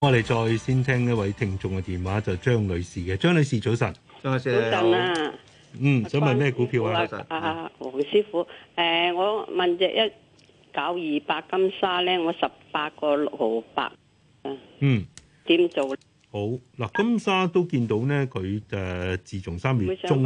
我哋再先聽一位聽眾嘅電話，就張女士嘅。張女士早晨。古振啊，嗯，關想問咩股票啊？啊，黃師傅，誒，我問隻一九二八金沙咧，我十八個六毫八，嗯，點做？好嗱，金沙都見到咧，佢誒自從三月中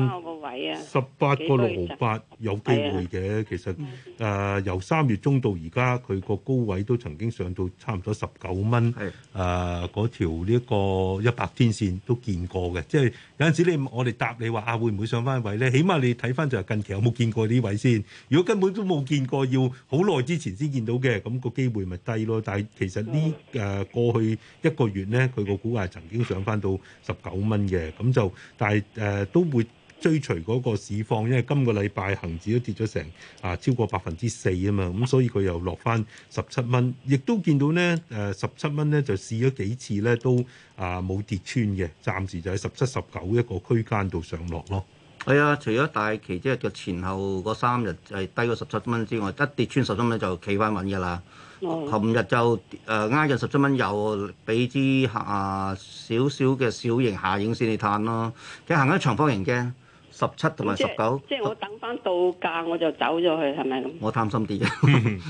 十八個六毫八有機會嘅。其實誒由三月中到而家，佢個高位都曾經上到差唔多十九蚊，誒嗰條呢個一百天線都見過嘅。即係有陣時咧，我哋答你話啊，會唔會上翻位咧？起碼你睇翻就係近期有冇見過呢位先。如果根本都冇見過，要好耐之前先見到嘅，咁個機會咪低咯。但係其實呢誒過去一個月咧，佢個股價就～曾經上翻到十九蚊嘅，咁就但係誒、呃、都會追隨嗰個市況，因為今個禮拜恒指都跌咗成啊超過百分之四啊嘛，咁所以佢又落翻十七蚊，亦都見到呢，誒十七蚊呢就試咗幾次呢都啊冇跌穿嘅，暫時就喺十七十九一個區間度上落咯。係啊，嗯、除咗大期即係嘅前後嗰三日係低過十七蚊之外，一跌穿十七蚊就企翻穩噶啦。琴日就呃挨咗十七蚊，又俾啲下少少嘅小型下影先你探咯。即行緊長方形嘅十七同埋十九，即係我等翻到價我就走咗去，係咪咁？我貪心啲嘅，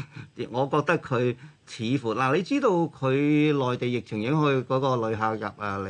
我覺得佢似乎嗱、啊，你知道佢內地疫情影響嗰個旅客入啊嚟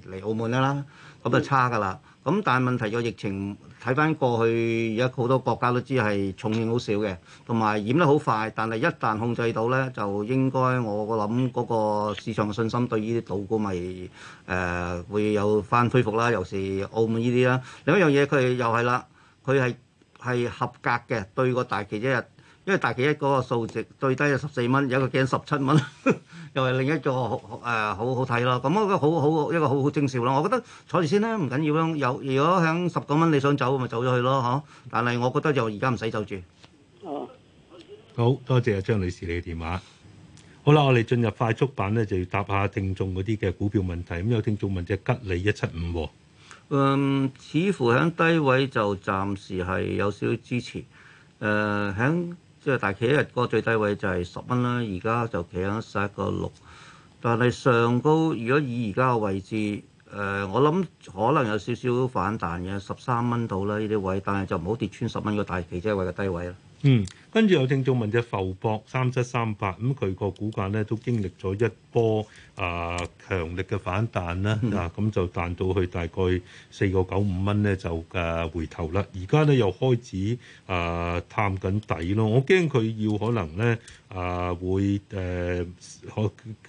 嚟澳門啦，咁、啊、就差噶啦。嗯咁但係問題個疫情睇翻過去，而家好多國家都知係重症好少嘅，同埋染得好快。但係一旦控制到咧，就應該我諗嗰個市場嘅信心對依啲賭股咪誒會有翻恢復啦。尤其是澳門依啲啦。另一樣嘢佢又係啦，佢係係合格嘅對個大旗一日。因為大企一嗰個數值最低就十四蚊，有一個鏡十七蚊， 又係另一個好誒好好睇咯。咁我覺得好好一個好好精緻咯。我覺得坐住先啦，唔緊要咯。有如果喺十九蚊你想走，咪走咗去咯，嚇、啊。但係我覺得就而家唔使走住。好多謝阿張女士你嘅電話。好啦，我哋進入快速版咧，就要答下聽眾嗰啲嘅股票問題。咁有聽眾問隻吉利一七五，嗯，似乎喺低位就暫時係有少少支持。誒、呃，喺即係大企一日個最低位就係十蚊啦，而家就企喺十一個六，但係上高如果以而家嘅位置，誒、呃、我諗可能有少少反彈嘅十三蚊到啦呢啲位，但係就唔好跌穿十蚊個大企即位嘅低位啦。嗯。跟住有聽眾問隻浮博三七三八，咁佢個股價咧都經歷咗一波啊、呃、強力嘅反彈啦，嗱、啊、咁就彈到去大概四個九五蚊咧就誒、啊、回頭啦，而家咧又開始誒、呃、探緊底咯，我驚佢要可能咧啊、呃、會誒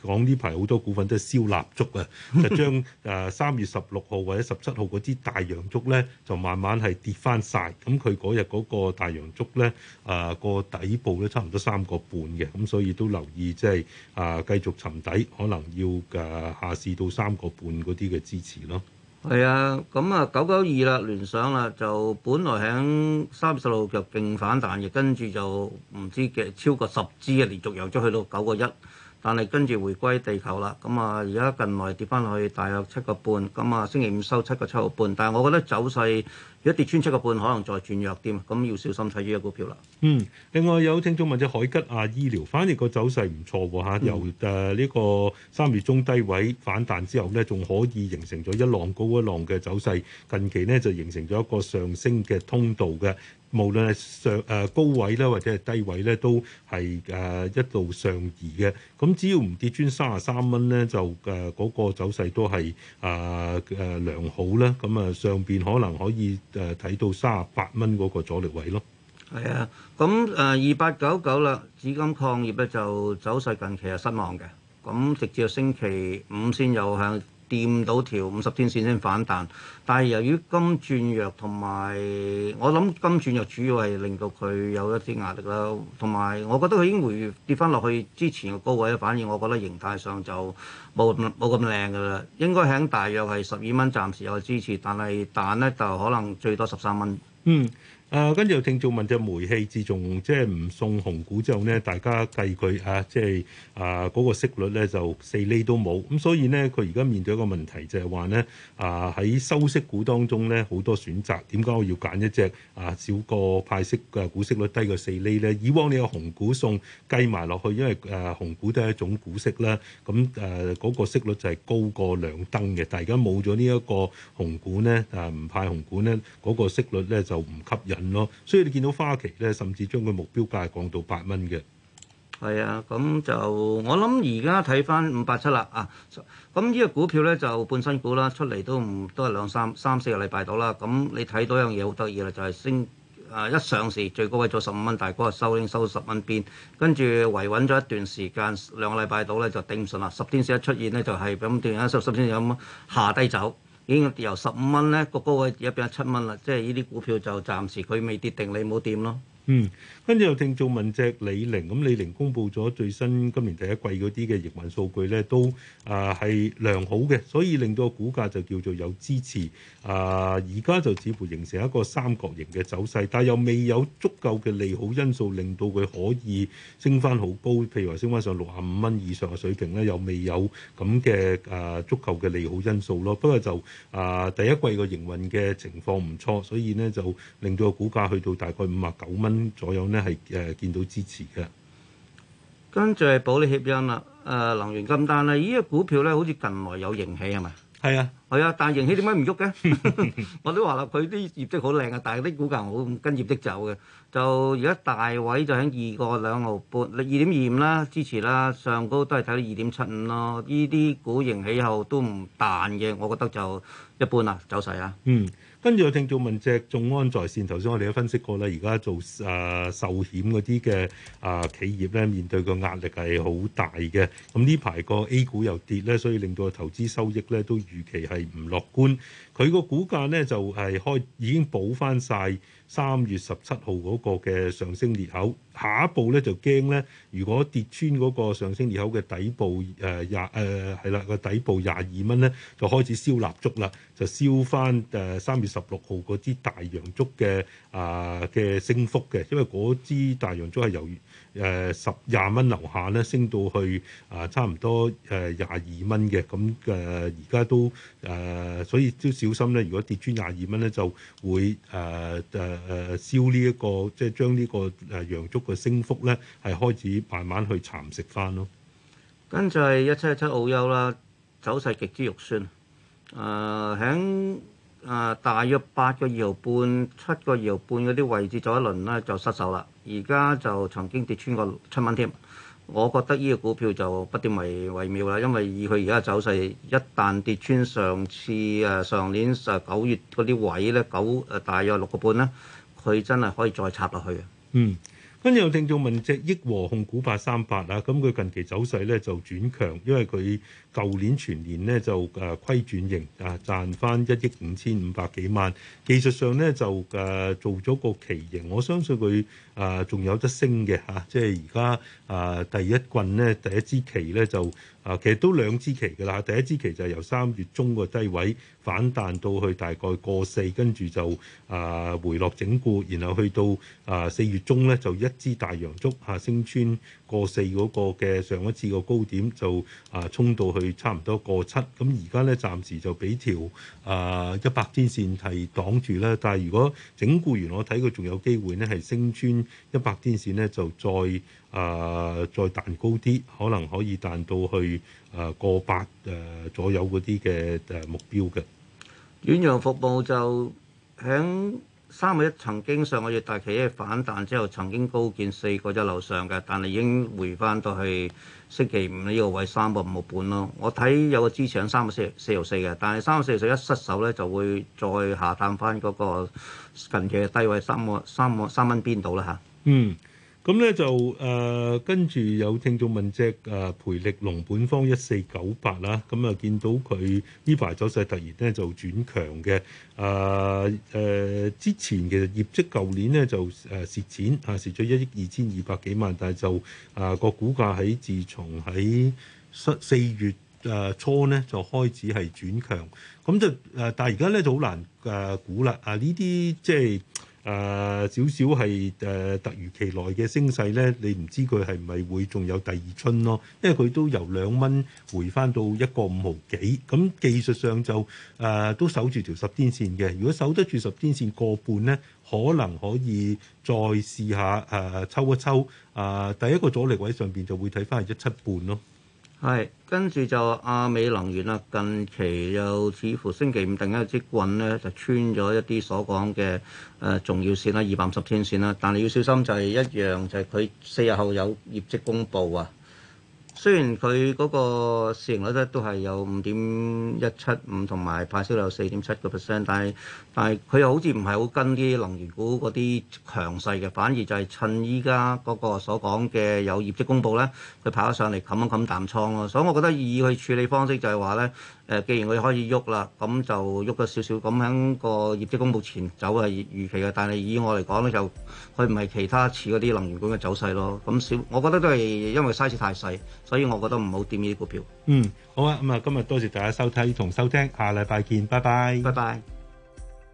講呢排好多股份都係燒蠟燭啊， 就將誒三月十六號或者十七號嗰支大陽燭咧就慢慢係跌返晒。咁佢嗰日嗰個大陽燭咧誒、呃呃、過。個底部咧差唔多三個半嘅，咁所以都留意即係、就是、啊，繼續沉底，可能要嘅、啊、下試到三個半嗰啲嘅支持咯。係啊，咁啊九九二啦，聯想啦，就本來喺三十六就勁反彈，亦跟住就唔知嘅超過十支啊，連續遊咗去到九個一，但係跟住回歸地球啦。咁、嗯、啊，而、嗯、家近來跌翻落去大約七個半，咁啊星期五收七個七毫半，但係我覺得走勢。一跌穿七個半，可能再轉弱啲，咁要小心睇呢個股票啦。嗯，另外有聽眾問隻海吉亞醫療，反而個走勢唔錯喎嚇，由誒呢個三月中低位反彈之後呢，仲可以形成咗一浪高一浪嘅走勢，近期呢，就形成咗一個上升嘅通道嘅。無論係上誒高位咧，或者係低位咧，都係誒一路上移嘅。咁只要唔跌穿三十三蚊咧，就誒嗰個走勢都係誒誒良好啦。咁啊上邊可能可以誒睇到三十八蚊嗰個阻力位咯。係啊，咁誒二八九九啦，紫金礦業咧就走勢近期係失望嘅。咁直至到星期五先有向。掂到條五十天線先反彈，但係由於金轉弱同埋，我諗金轉弱主要係令到佢有一啲壓力啦。同埋我覺得佢已經回跌翻落去之前嘅高位，反而我覺得形態上就冇冇咁靚㗎喇。應該喺大約係十二蚊，暫時有支持，但係彈咧就可能最多十三蚊。嗯。誒、啊、跟住有聽眾問隻煤氣，自從即係唔送紅股之後呢，大家計佢啊，即、就、係、是、啊嗰、那個息率呢，就四厘都冇。咁所以呢，佢而家面對一個問題就係話呢，啊喺收息股當中呢，好多選擇，點解我要揀一隻啊少個派息嘅股息率低過四厘呢？以往你有紅股送計埋落去，因為誒、啊、紅股都係一種股息啦。咁誒嗰個息率就係高過兩燈嘅，但係而家冇咗呢一個紅股呢，啊唔派紅股呢，嗰、那個息率呢，就唔吸引。咯，所以你見到花旗咧，甚至將佢目標價降到八蚊嘅。係啊，咁就我諗而家睇翻五百七啦啊，咁呢個股票咧就半新股啦，出嚟都唔都係兩三三四個禮拜到啦。咁你睇到一樣嘢好得意啦，就係、是、升誒、啊、一上市最高位做十五蚊，大哥啊收拎收十蚊邊，跟住維穩咗一段時間兩個禮拜到咧就頂唔順啦，十天線一出現咧就係咁斷咗十十天線咁下低走。已經跌由十五蚊咧個高位而家變咗七蚊啦，即係呢啲股票就暫時佢未跌定，你唔好掂咯。嗯，跟住又聽眾問隻李寧，咁李寧公布咗最新今年第一季嗰啲嘅營運數據咧，都啊係、呃、良好嘅，所以令到個股價就叫做有支持。啊、呃，而家就似乎形成一個三角形嘅走勢，但係又未有足夠嘅利好因素令到佢可以升翻好高，譬如話升翻上六十五蚊以上嘅水平咧，又未有咁嘅啊足夠嘅利好因素咯。不過就啊、呃、第一季個營運嘅情況唔錯，所以呢就令到個股價去到大概五十九蚊。咁左右呢係誒見到支持嘅。跟住係保利協鑫啦，誒、呃、能源金單啦，依個股票咧，好似近來有盈喜係咪？係啊，係啊，但係盈喜點解唔喐嘅？ 我都話啦，佢啲業績好靚啊，但係啲股價好跟業績走嘅。就而家大位就喺二個兩毫半，二點二五啦，支持啦，上高都係睇到二點七五咯。呢啲股盈喜後都唔彈嘅，我覺得就一般啦，走勢啊。嗯。跟住又聽到問隻眾安在線，頭先我哋都分析過啦，而家做誒壽、呃、險嗰啲嘅誒企業咧，面對個壓力係好大嘅。咁呢排個 A 股又跌咧，所以令到個投資收益咧都預期係唔樂觀。佢個股價咧就係、是、開已經補翻晒。三月十七號嗰個嘅上升裂口，下一步咧就驚咧，如果跌穿嗰個上升裂口嘅底部誒，廿誒係啦，個底部廿二蚊咧，就開始燒蠟燭啦，就燒翻誒三月十六號嗰支大陽燭嘅啊嘅升幅嘅，因為嗰支大陽燭係由。誒十廿蚊樓下咧，升到去啊、呃，差唔多誒廿二蚊嘅咁誒，而、呃、家、呃、都誒、呃，所以都小心咧。如果跌穿廿二蚊咧，就會誒誒誒燒呢、這、一個，即係將呢個誒洋蔥嘅升幅咧，係開始慢慢去蠶食翻咯。跟住一七一七澳優啦，走勢極之肉酸啊！喺、呃、啊大約八個二毫半、七個二毫半嗰啲位置走一輪咧，就失手啦。而家就曾經跌穿過七蚊添，我覺得呢個股票就不沾為為妙啦，因為以佢而家嘅走勢，一旦跌穿上次誒、呃、上年誒九、呃、月嗰啲位咧，九誒、呃、大約六個半咧，佢真係可以再插落去啊。嗯。跟住、嗯、又聽眾問隻億和控股八三八啊，咁佢近期走勢咧就轉強，因為佢舊年全年咧就誒、啊、虧轉盈，啊，賺翻一億五千五百幾萬。技術上咧就誒、啊、做咗個旗形，我相信佢誒仲有得升嘅嚇、啊，即係而家誒第一棍咧，第一支旗咧就。啊，其實都兩支旗㗎啦，第一支旗就係由三月中個低位反彈到去大概過四，跟住就啊、呃、回落整固，然後去到啊四、呃、月中咧就一支大陽燭啊升穿過四嗰個嘅上一次個高點就，就啊衝到去差唔多過七，咁而家咧暫時就俾條啊一百天線係擋住啦，但係如果整固完，我睇佢仲有機會咧係升穿一百天線咧就再。誒、呃、再彈高啲，可能可以彈到去誒過百誒左右嗰啲嘅誒目標嘅。遠洋服務就喺三月一曾經上個月大期一反彈之後，曾經高見四個一樓上嘅，但係已經回翻到去星期五呢個位三個五毫半咯。我睇有個支持喺三個四四毫四嘅，但係三個四十四一失手咧，就會再下探翻嗰個近期低位三個三個三蚊邊度啦嚇。嗯。咁咧、嗯、就誒跟住有聽眾問隻誒、呃、培力龍本方一四九八啦，咁、嗯、啊見到佢呢排走勢突然咧就轉強嘅誒誒，之前其實業績舊年咧就誒蝕錢嚇、啊，蝕咗一億二千二百幾萬，但係就誒個、啊、股價喺自從喺四月誒初咧就開始係轉強，咁就誒、啊、但係而家咧就好難誒估啦啊呢啲即係。誒少少係誒突如其來嘅升勢咧，你唔知佢係咪會仲有第二春咯？因為佢都由兩蚊回翻到一個五毫幾，咁技術上就誒、uh, 都守住條十天線嘅。如果守得住十天線過半咧，可能可以再試下誒、uh, 抽一抽。誒、uh, 第一個阻力位上邊就會睇翻係一七半咯。係，跟住就阿美能源啦。近期又似乎星期五突然間一支棍咧，就穿咗一啲所講嘅誒重要線啦、二百五十天線啦。但你要小心就係一樣，就係、是、佢四日後有業績公布啊。雖然佢嗰個市盈率咧都係有五點一七五同埋派息率有四點七個 percent，但係但係佢又好似唔係好跟啲能源股嗰啲強勢嘅，反而就係趁依家嗰個所講嘅有業績公布咧，佢跑咗上嚟冚一冚淡倉咯，所以我覺得以佢處理方式就係話咧。誒，既然佢可以喐啦，咁就喐咗少少，咁喺個業績公布前走係預期嘅，但係以我嚟講咧，就佢唔係其他似嗰啲能源股嘅走勢咯。咁少，我覺得都係因為 size 太細，所以我覺得唔好掂呢啲股票。嗯，好啊，咁啊，今日多謝大家收睇同收聽，下禮拜見，拜拜，拜拜。